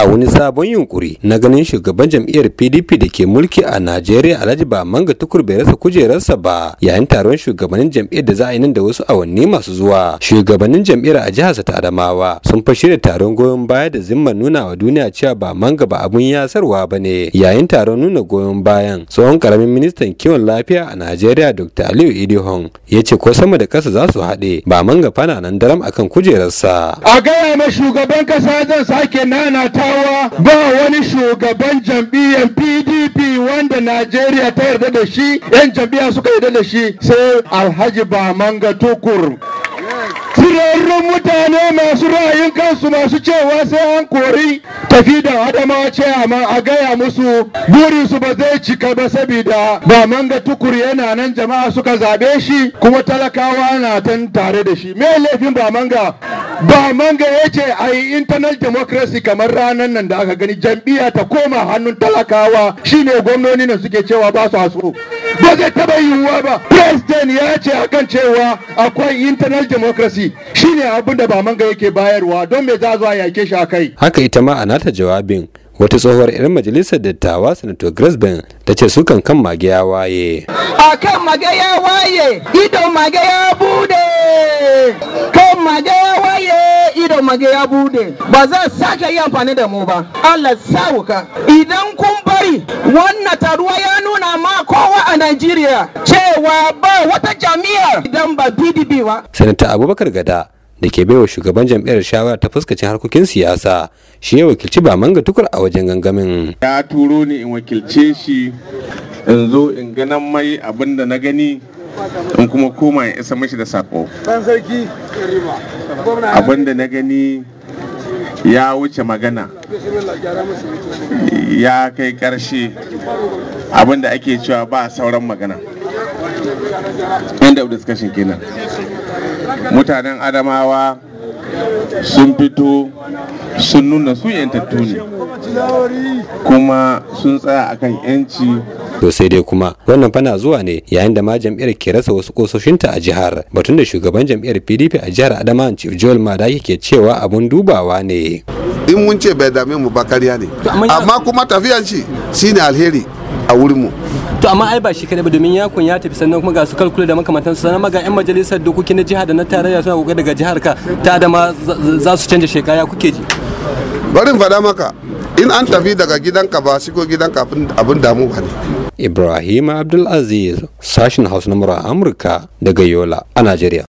a wani sabon yunkuri na ganin shugaban jam'iyyar pdp da ke mulki a najeriya alhaji ba manga tukur bai rasa kujerarsa ba yayin taron shugabannin jam'iyyar da za a yi nan da wasu awanni masu zuwa shugabannin jam'iyyar a jihar ta adamawa sun fa da taron goyon baya da zimmar nuna wa duniya cewa ba manga ba abun yasarwa ba ne yayin taron nuna goyon bayan tsohon karamin ministan kiwon lafiya a najeriya dr aliyu idihon ya ce ko sama da kasa za su haɗe ba manga fana nan daram akan kujerarsa a gaya mai shugaban kasa zan sake nana ta Nasarawa ba wani shugaban jam'iyyar PDP wanda Najeriya ta yarda da shi, 'yan jam'iyya suka yarda da shi sai Alhaji Bamanga Tukur. Sirarrun mutane masu ra'ayin kansu masu cewa sai an kori tafi da adama ce a gaya musu burinsu ba zai cika ba saboda ba manga tukur yana nan jama'a suka zabe shi kuma talakawa na tan tare da shi me laifin ba manga ba manga ya ce a yi internal democracy kamar ranar nan da aka gani jam'iyya ta koma hannun talakawa shine gwamnoni nan suke cewa ba su haso ba zai taba yiwuwa ba president ya ce akan cewa akwai internal democracy shine abin da ba manga yake bayarwa don me za zo zuwa yake shi akai haka ita ma a nata jawabin wata tsohuwar 'yan majalisar dattawa sanato grisbin ta ce sukan kan mage ya waye a kan mage ya waye idon mage ya bude kan mage waye ido mage ya bude ba zan sake yi amfani da mu ba Allah sa wuka idan kun bari wannan taruwa ya nuna ma kowa a Najeriya cewa ba wata jami'ar idan ba PDP ba Sanata Abubakar Gada da ke baiwa shugaban jam'iyyar shawara ta fuskacin harkokin siyasa shi ya wakilci ba manga tukur a wajen gangamin ya turo ni in wakilce shi in zo in ganan mai abin da na gani in kuma koma ya isa mashi da sako abinda na gani ya wuce magana ya kai karshe abinda ake cewa ba sauran magana end of discussion kenan mutanen adamawa sun fito sun nuna su yantattu ne kuma sun tsaya akan yanci to sai dai kuma wannan fana zuwa ne yayin da ma jam'iyyar ke rasa wasu kososhinta a jihar batun da shugaban jam'iyyar pdp a jihar adama joel madaki ke cewa abun dubawa ne in mun ce bai dame mu ba kariya ne amma kuma tafiyan shi shine alheri a wurin mu. to amma ai ba shi kadai ba domin yakun ya tafi sannan kuma ga su kalkula da makamantan su sannan ga yan majalisar dokoki na jihar da na tarayya suna kokari daga jihar ka ta da ma za su canja shekara kuke ji barin faɗa maka in an tafi daga gidanka ba shigo gidanka abin damu ba ne Ibrahim Abdulaziz, sashen Hausa na Amurka daga Yola a Najeriya.